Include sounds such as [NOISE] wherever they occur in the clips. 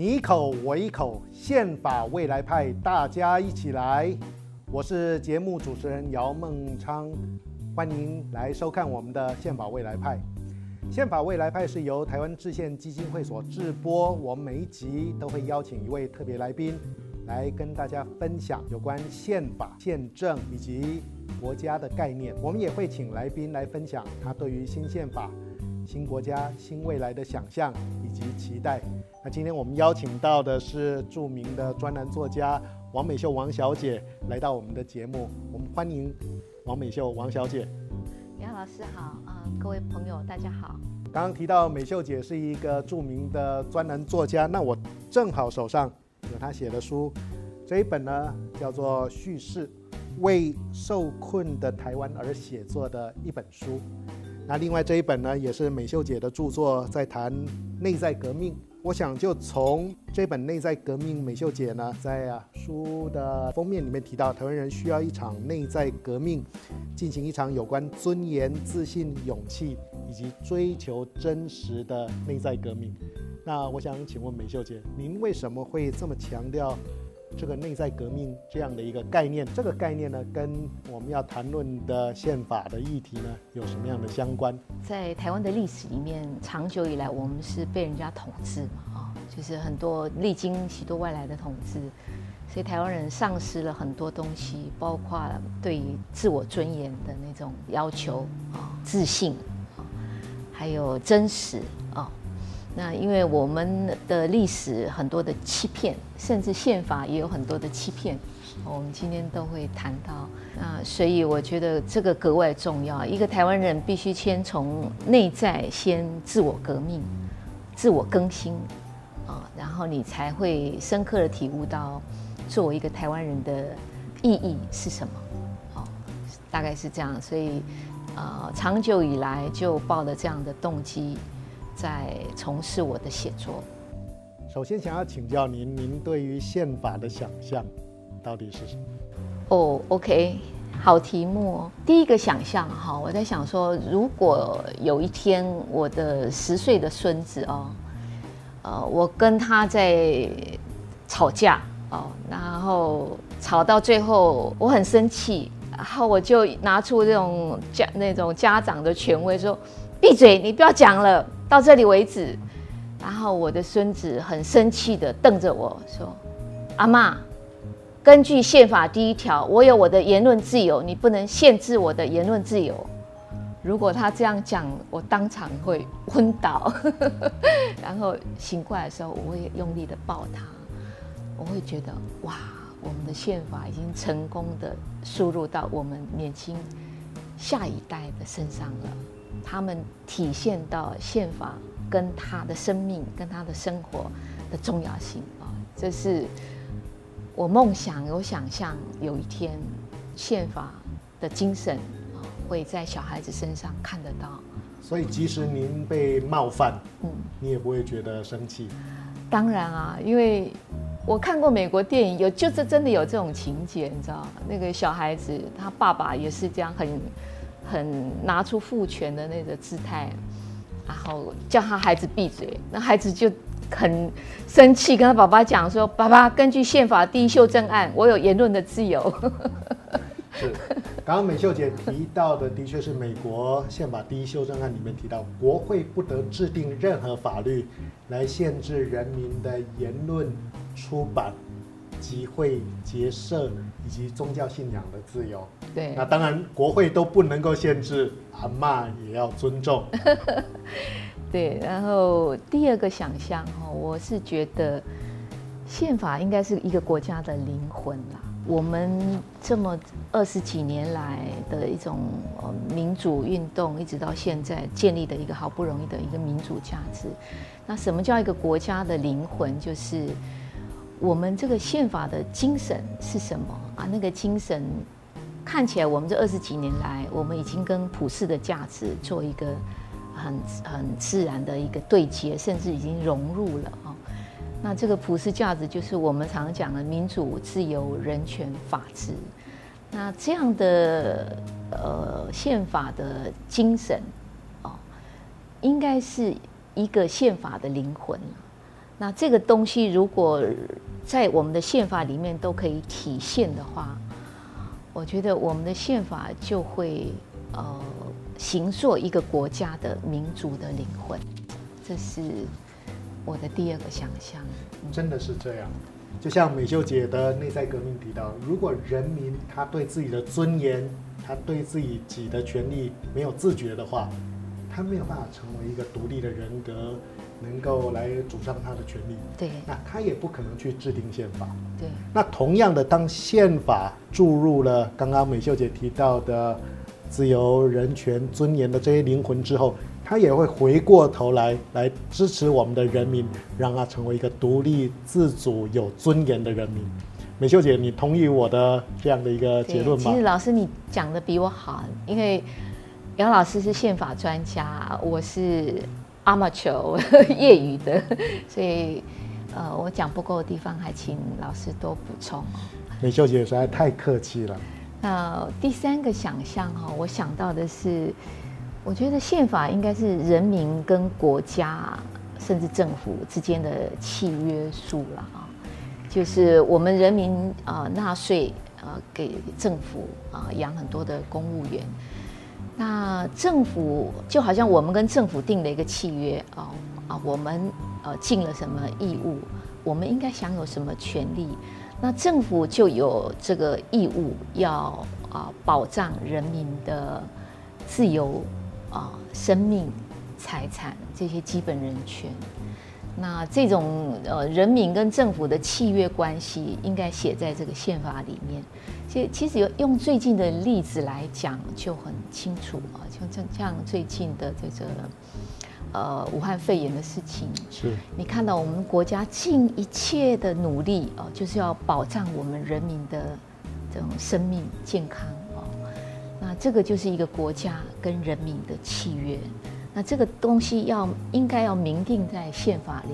你一口我一口，憲法未來派，大家一起來。我是節目主持人姚孟昌，歡迎來收看我們的憲法未來派。憲法未來派是由台灣制憲基金會所制播，我們每一集都會邀請一位特別來賓，來跟大家分享有關憲法、憲政以及國家的概念。我們也會請來賓來分享他對於新憲法、新國家、新未來的想象以及期待。那今天我們邀請到的是著名的專欄作家王美琇王小姐來到我們的節目，我們歡迎王美琇王小姐。你好，老師好，呃，各位朋友大家好。剛剛提到美琇姐是一個著名的專欄作家，那我正好手上有她寫的書，這一本呢叫做《敘事》，為受困的台灣而寫作的一本書。那另外這一本呢，也是美琇姐的著作，在談內在革命。我想就從這本內在革命，美琇姐呢在啊書的封面裡面提到，台灣人需要一場內在革命，進行一場有關尊嚴、自信、勇氣以及追求真實的內在革命。那我想請問美琇姐，您為什麼會這麼強調？這個內在革命這樣的一個概念，這個概念呢，跟我們要談論的憲法的議題呢，有什麼樣的相關？在台灣的歷史裡面，長久以來我們是被人家統治嘛，啊，就是很多歷經許多外來的統治，所以台灣人喪失了很多東西，包括對於自我尊嚴的那種要求啊，自信啊，還有真實啊。那因為我們的歷史很多的欺騙，甚至憲法也有很多的欺騙，我們今天都會談到。那所以我覺得這個格外重要，一個台灣人必須先從內在先自我革命、自我更新啊，然後你才會深刻的體悟到作為一個台灣人的意義是什麼。哦，大概是這樣，所以呃，長久以來就抱了這樣的動機。在從事我的寫作。首先，想要請教您，您對於憲法的想象到底是什麼？哦，OK，好題目哦。第一個想象哈，我在想說，如果有一天我的十歲的孫子哦，呃，我跟他在吵架哦，然後吵到最後我很生氣，然後我就拿出這種家，那種家長的權威說。閉嘴！你不要講了，到這裡為止。然後我的孫子很生氣的瞪着我說：“阿媽，根據憲法第一條，我有我的言論自由，你不能限制我的言論自由。”如果他這樣講，我當場會昏倒。 [LAUGHS] 然後醒過來的時候，我會用力的抱他，我會覺得哇，我們的憲法已經成功的輸入到我們年輕下一代的身上了。他們體現到憲法跟他的生命、跟他的生活的重要性啊，這是我夢想，我想象有一天憲法的精神啊會在小孩子身上看得到。所以，即使您被冒犯，嗯，你也不會覺得生氣，嗯。當然啊，因為我看過美國電影，有就是真的有這種情節，你知道，那個小孩子他爸爸也是這樣很很拿出父權的那個姿態，然後叫他孩子閉嘴，那孩子就很生氣，跟他爸爸講說：“爸爸，根據憲法第一修正案，我有言論的自由。 [LAUGHS] ”是，剛剛美秀姐提到的，的確是美國憲法第一修正案裡面提到，國會不得制定任何法律來限制人民的言論、出版、集會、結社。以及宗教信仰的自由，對，那當然國會都不能夠限制，阿嬤也要尊重。 [LAUGHS] 對，然後第二個想象哈，我是覺得憲法應該是一個國家的靈魂啦。我們這麼二十幾年來的一種民主運動，一直到現在建立的一個好不容易的一個民主價值，那什麼叫一個國家的靈魂？就是。我們這個憲法的精神是什麼啊？那個精神看起來，我們這二十幾年來，我們已經跟普世的價值做一個很很自然的一個對接，甚至已經融入了。那這個普世價值就是我們常常講的民主、自由、人權、法治。那這樣的呃憲法的精神哦，應該是一個憲法的靈魂了。那這個東西如果。在我們的憲法裡面都可以體現的話，我覺得我們的憲法就會呃形塑一個國家的民族的靈魂，這是我的第二個想象。真的是這樣，就像美秀姐的內在革命提到，如果人民他對自己的尊嚴，他對自己己的權利沒有自覺的話，他沒有辦法成為一個獨立的人格。能夠來主張他的權利，對，那他也不可能去制定憲法，對。那同樣的，當憲法注入了剛剛美秀姐提到的自由、人權、尊嚴的這些靈魂之後，他也會回過頭來來支持我們的人民，讓他成為一個獨立、自主、有尊嚴的人民。美秀姐，你同意我的這樣的一個結論嗎？其實老師你講的比我好，因為楊老師是憲法專家，我是。amateur 業餘的，所以呃，我講不夠的地方，還請老師多補充。美秀姐實在太客氣了。那、呃、第三個想象哈、呃，我想到的是，我覺得憲法應該是人民跟國家甚至政府之間的契約書了啊，就是我們人民啊、呃、納稅啊、呃、給政府啊、呃、養很多的公務員。那政府就好像我們跟政府定了一個契約哦，啊，我們呃盡了什麼義務，我們應該享有什麼權利，那政府就有這個義務要啊保障人民的自由啊、生命、財產這些基本人權。那這種呃，人民跟政府的契約關係應該寫在這個憲法裡面。其實其實用最近的例子來講就很清楚啊，像像最近的這個呃武漢肺炎的事情，是你看到我們國家盡一切的努力哦，就是要保障我們人民的這種生命健康哦。那這個就是一個國家跟人民的契約。那這個東西要應該要明定在憲法裡，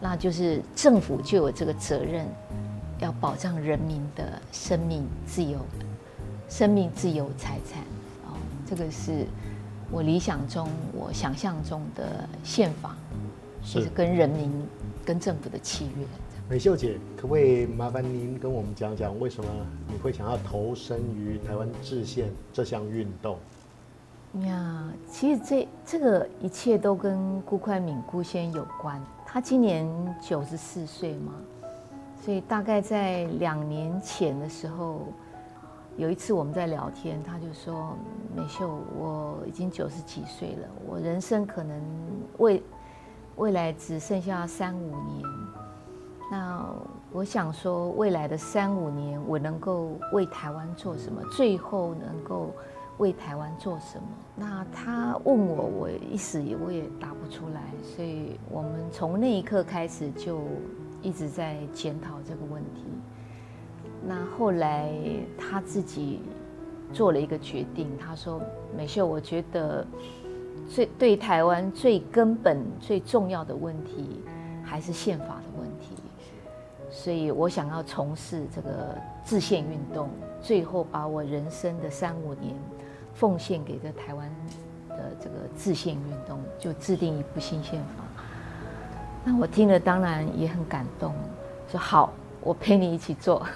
那就是政府就有這個責任，要保障人民的生命自由、生命自由、財產。哦，這個是我理想中、我想象中的憲法，就是跟人民、是跟政府的契約。美琇姐，可不可以麻煩您跟我們講講，為什麼你會想要投身於台灣制憲這項運動？呀，yeah, 其實這這個一切都跟辜寬敏辜先生有關。他今年九十四歲嘛，所以大概在兩年前的時候，有一次我們在聊天，他就說：“美琇，我已經九十幾歲了，我人生可能未未來只剩下三五年。那我想說，未來的三五年，我能夠為台灣做什麼？最後能夠。”為台灣做什麼？那他問我，我一時也我也答不出來，所以我們從那一刻開始就一直在檢討這個問題。那後來他自己做了一個決定，他說：“美秀，我覺得最對台灣最根本、最重要的問題還是憲法的問題，所以我想要從事這個制憲運動，最後把我人生的三五年。”奉獻給這台灣的這個制憲運動，就制定一部新憲法。那我聽了當然也很感動，說好，我陪你一起做。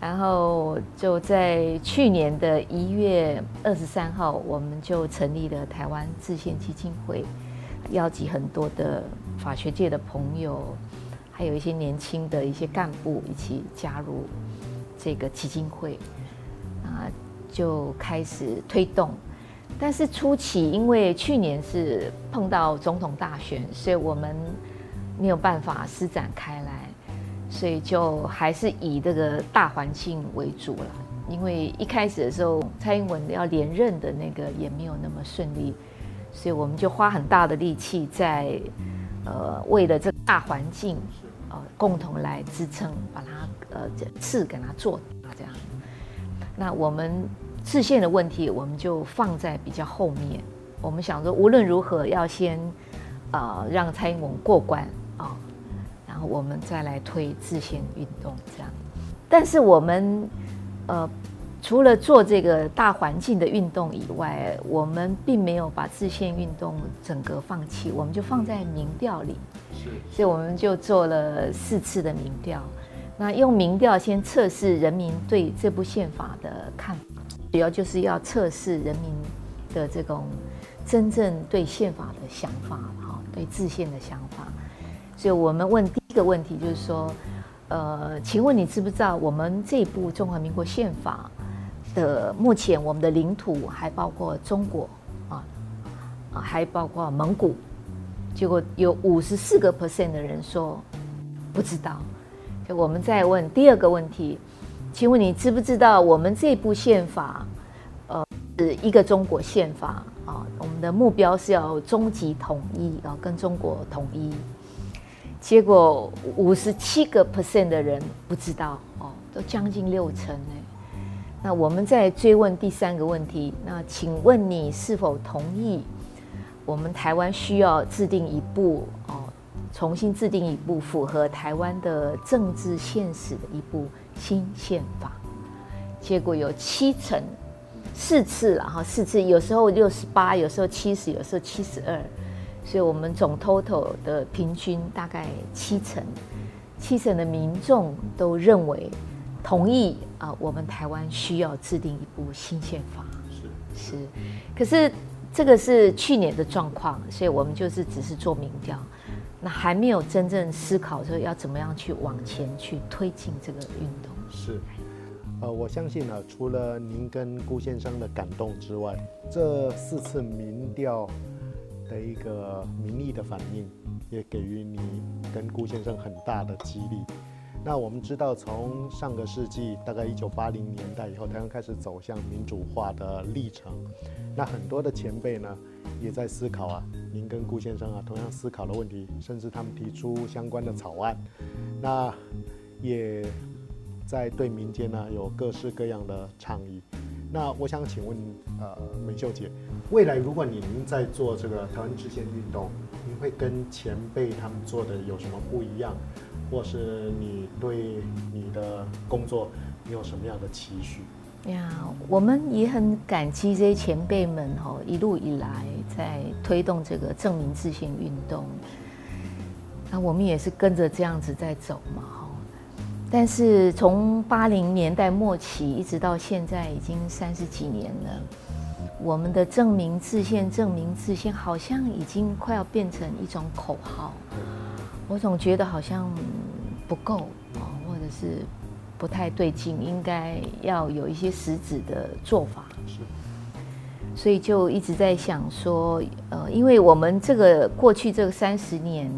然後就在去年的一月二十三號，我們就成立了台灣制憲基金會，邀集很多的法學界的朋友，還有一些年輕的一些幹部一起加入這個基金會啊。就開始推動，但是初期因為去年是碰到總統大選，所以我們沒有辦法施展開來，所以就還是以這個大環境為主了。因為一開始的時候，蔡英文要連任的那個也沒有那麼順利，所以我們就花很大的力氣在，呃，為了這個大環境，呃，共同來支撐，把它呃這次給他做大這樣。那我們。制憲的問題，我們就放在比較後面。我們想說，無論如何要先，呃，讓蔡英文過關啊，然後我們再來推制憲運動這樣。但是我們，呃，除了做這個大環境的運動以外，我們並沒有把制憲運動整個放棄，我們就放在民調裡。是。所以我們就做了四次的民調，那用民調先測試人民對這部憲法的看法。主要就是要測試人民的這種真正對憲法的想法，哈，對制憲的想法。所以我們問第一個問題，就是說，呃，請問你知不知道我們這一部中華民國憲法的目前我們的領土還包括中國啊，啊，還包括蒙古？結果有五十四個 percent 的人說不知道。就我們再問第二個問題。請問你知不知道我們這部憲法，呃，是一個中國憲法啊、哦？我們的目標是要終極統一啊、哦，跟中國統一。結果五十七個 percent 的人不知道哦，都將近六成呢。那我們再追問第三個問題，那請問你是否同意我們台灣需要制定一部哦，重新制定一部符合台灣的政治現實的一部？新憲法，結果有七成，四次了哈，然後四次，有時候六十八，有時候七十，有時候七十二，所以我們總 total 的平均大概七成，七成的民眾都認為同意啊，我們台灣需要制定一部新憲法。是是，可是這個是去年的狀況，所以我們就是只是做民調。那還沒有真正思考說要怎麼樣去往前去推進這個運動。是，呃，我相信呢、啊，除了您跟辜先生的感動之外，這四次民調的一個民意的反應，也給予你跟辜先生很大的激勵。那我們知道，從上個世紀大概一九八零年代以後，台灣開始走向民主化的歷程。那很多的前輩呢，也在思考啊，您跟顧先生啊同樣思考的問題，甚至他們提出相關的草案，那也在對民間呢有各式各樣的倡議。那我想請問呃，美琇姐，未來如果您在做這個台灣制憲運動，會跟前輩他們做的有什麼不一樣，或是你對你的工作你有什麼樣的期許？呀，yeah, 我們也很感激這些前輩們一路以來在推動這個正名制憲運動，那我們也是跟着這樣子在走嘛，哈。但是從八零年代末期一直到現在已經三十幾年了。我們的正名制憲，正名制憲，好像已經快要變成一種口號。我總覺得好像不夠啊，或者是不太對勁，應該要有一些實質的做法。是，所以就一直在想說，呃，因為我們這個過去這個三十年，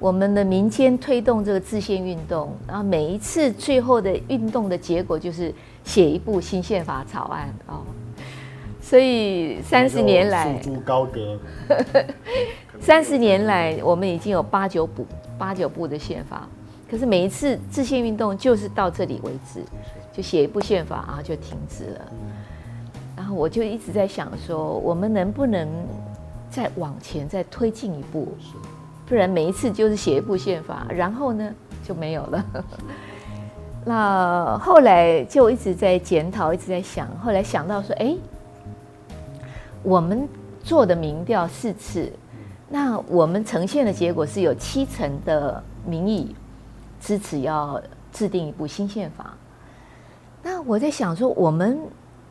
我們的民間推動這個制憲運動，然後每一次最後的運動的結果，就是寫一部新憲法草案啊。呃.所以三十年來，高閣三十年來，我們已經有八九部、八九部的憲法，可是每一次制憲運動就是到這裡為止，就寫一部憲法，啊，就停止了。然後我就一直在想，說我們能不能再往前再推進一步？不然每一次就是寫一部憲法，然後呢就沒有了。那後來就一直在檢討，一直在想，後來想到說，哎。我們做的民調四次，那我們呈現的結果是有七成的民意支持要制定一部新憲法。那我在想說，我們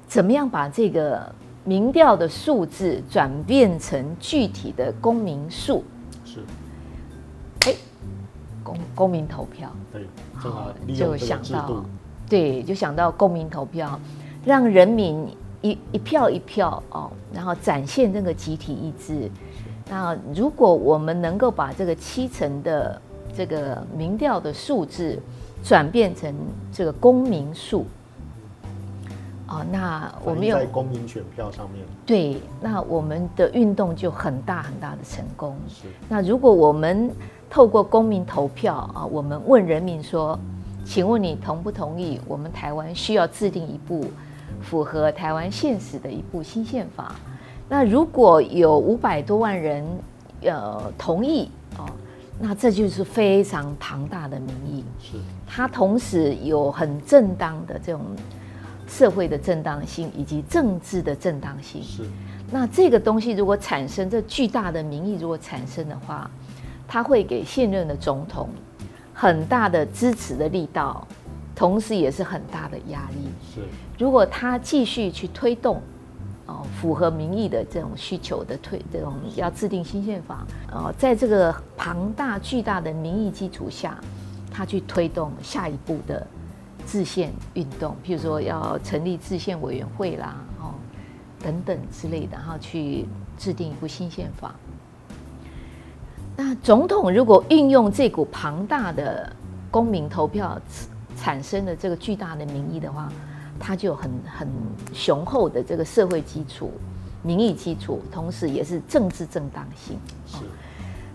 怎麼樣把這個民調的數字轉變成具體的公民數？是。欸、公公民投票。對，正好，這個好，就想到了，對，就想到公民投票，讓人民。一一票一票哦，然後展現那個集體意志。是那如果我們能夠把這個七成的這個民調的數字轉變成這個公民數，哦，那我們要在公民選票上面，對，那我們的運動就很大很大的成功。是，那如果我們透過公民投票啊、哦，我們問人民說，請問你同不同意？我們台灣需要制定一部。符合台灣現實的一部新憲法，那如果有五百多萬人，呃，同意哦，那這就是非常龐大的民意。是，它同時有很正當的這種社會的正當性以及政治的正當性。是，那這個東西如果產生，這巨大的民意，如果產生的話，它會給現任的總統很大的支持的力道。同時，也是很大的壓力。是，如果他繼續去推動，哦，符合民意的這種需求的推，這種要制定新憲法，哦，在這個龐大巨大的民意基礎下，他去推動下一步的制憲運動，譬如說要成立制憲委員會啦，哦，等等之類的，然後去制定一部新憲法。那總統如果運用這股龐大的公民投票，產生了這個巨大的民意的話，他就有很很雄厚的這個社會基礎、民意基礎，同時也是政治正當性。是。哦、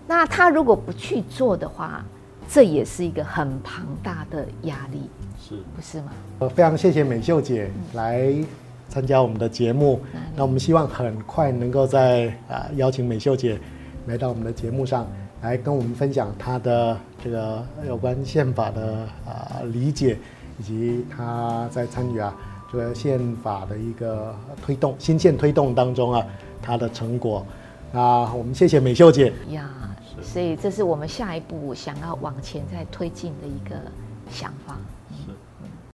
那他如果不去做的話，這也是一個很龐大的壓力。是，不是嗎？非常謝謝美秀姐來參加我們的節目。里那我們希望很快能夠再啊、呃、邀請美秀姐來到我們的節目上。來跟我們分享他的這個有關憲法的啊理解，以及他在參與啊這個憲法的一個推動、新憲推動當中啊他的成果。那我們謝謝美琇姐呀，所以這是我們下一步想要往前再推進的一個想法。